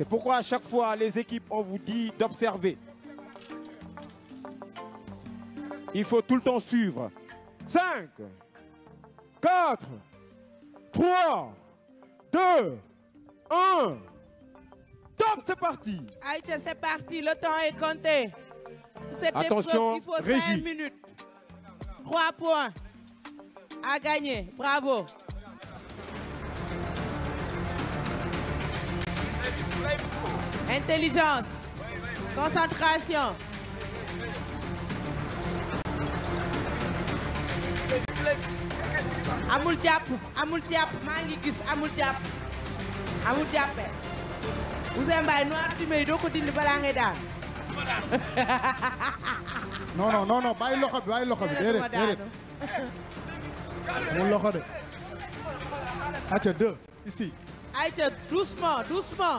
C'est pourquoi à chaque fois, les équipes, on vous dit d'observer. Il faut tout le temps suivre. 5, 4, 3, 2, 1. Top, c'est parti. Aïcha, c'est parti. Le temps est compté. Attention, Régie. 5 points à gagner. Bravo. intelligence concentration amul jàpp amul jàpp maa ngi gis amul jàpp amul jàppe Ousseyn Mbaye noir fumier yi doo dindi balaa ngay daal non non non loxo bi bàyyi loxo bi déedéet déedéet mu loxo de acca deux ici acca doucement doucement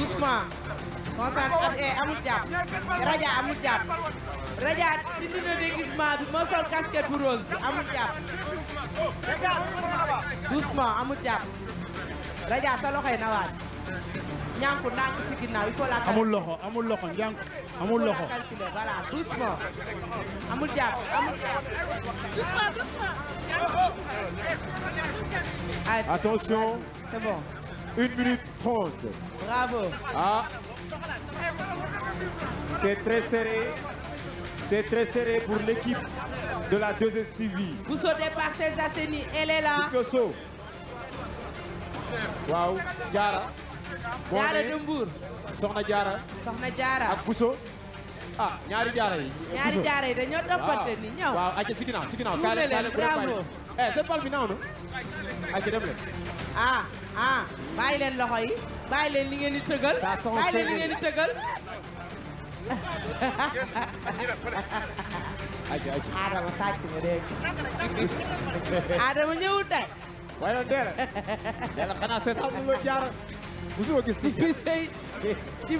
doucement consent ak eh, amul jàpp raja amul jàpp raja dindi na déguisement bi moo sol bu rose bi amul jàpp doucement amul jàpp raja sa na waaj ñànku nànk ci ginnaaw il faut la calculer amul loxo amul loxo ñànk amul loxo voilà doucement amul jàpp amul jàpp doucement doucement attention 1 minute 30. Bravo. Ah. C'est très serré. C'est très serré pour l'équipe de la 2STV. Vous sautez par Aseni, elle est là. Jusque saut. Waaw, Diarra. Diarra Dembour. Soxna Diarra. Soxna Diarra. Ak Bousso. Ah, ñaari Diarra yi. Ñaari Diarra yi dañoo toppante ni ñëw. Waaw, acca ci ginnaaw, ci ginnaaw. bravo. eh seen bal bi naaw na. ay ci dem leen. ah ah bàyyi leen loxo yi bàyyi leen li ngeen di tëggal. bàyyi leen li ngeen di tëggal. aja aja Adama sàcc nga dégg Adama ñëwul tey. waaye nag dee la yàlla xanaa seet am lu jaar musuma gis ci bi sëy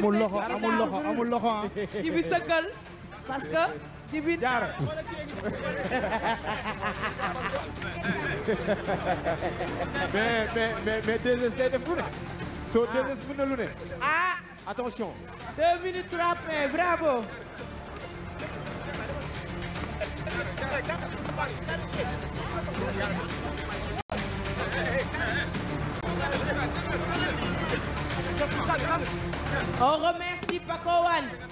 amul loxo amul loxo amul loxo ci bi ah. sëggal parce que jibin jaar mais mais mais DSS day def lu ne. soo DSS mën na lu ne. ah attention. deux minutes trois points bravo. on remercie Paco Wane.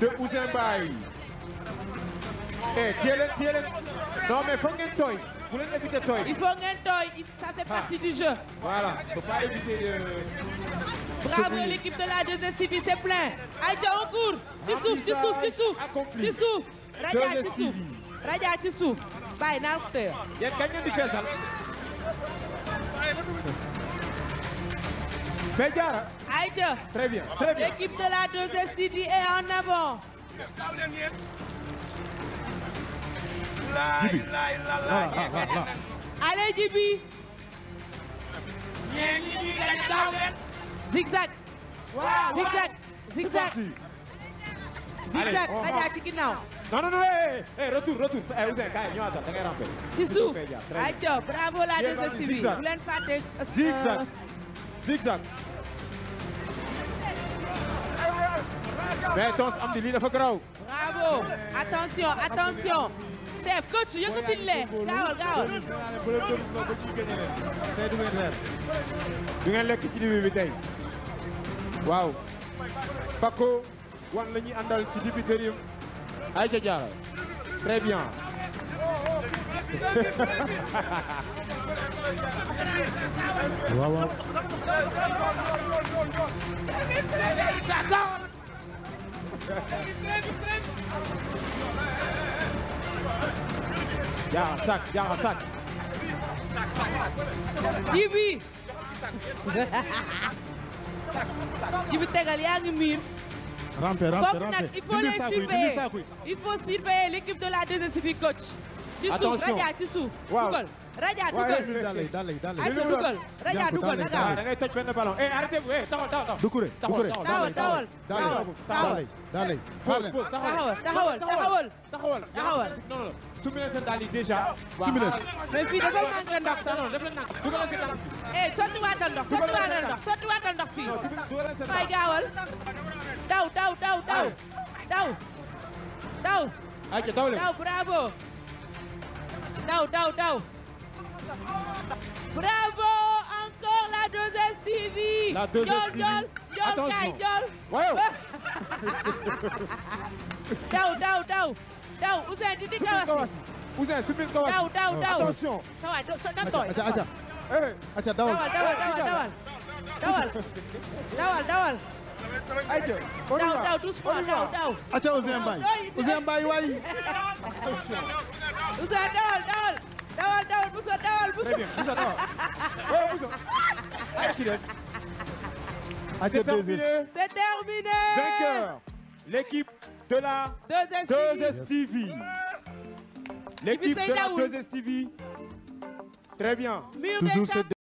de Ouzin Mbaye eh téye leen téye leen non mais foog ngeen tooy bu leen éviter tooy. il faut ngeen tooy ça fait ah. partie du jeu. voilà faut pas éviter. bravo de la 2STV c'est plein. ayca on court ci suuf ci suuf ci suuf ci suuf. raja ci suuf raja ci suuf bàyyi naa ko mais Diarra. Aïcha. très bien très bien. l'équipe de la 2STV Jibi ah, ah, ah, zigzag. zigzag zigzag. zigzag ci ginnaaw. non non non eh eh retour retour eh Ousseyn kaay ñëwaatal da ngay ci suuf ayca bravo la 2STV bu leen fàtte. zigzag. mais tonse am lii dafa garaaw. bravo attention attention. chef coach yëkkatil leen gaawal gaawal. tey du ngeen reer. du lekk ci dibi bi tey. waaw. Paco wan la ñuy ci dibi tërim. Aïcha Diarra. très jaaxa sak jaaxa sak jibi jibi tegal yaa ngi miir rampe rampe rampe nag il faut les surveiller il faut surveiller l'équipe de la 2STV coach ci suuf raja ci suuf waaw raja dugal dale dale dale ayca dugal raja dugal da gaaw da ngay toj benn ballon eh arrêté bu eh taxawal taxawal dukure dukure taxawal taxawal taxawal dale taxawal taxawal taxawal taxawal taxawal non non sumi leen seen daal yi déjà sumi leen mais fii dafa manqué ndox sax non def leen nag dugal seen daal eh sotti waatal ndox sotti waatal ndox sotti waatal ndox fii fay gaawal daw daw daw daw daw daw daw bravo daw daw daw Bravo encore la 2STV. La 2STV. Jol jol jol kay jol. waaw. daw daw daw daw Ousseyn dindi Kawasi. Ousseyn sumil Kawasi. daw daw daw attention. ça va dantooy. aca aca eh, aca dawal dawal dawal dawal eh, dawal dawal. ayca daw daw doucement daw daw. aca Ousseyn Mbaye Ousseyn Mbaye waay. Ousseyn dawal dawal. dawal dawal c'est terminé. l'équipe de la. stv l'équipe de la stv très bien. toujours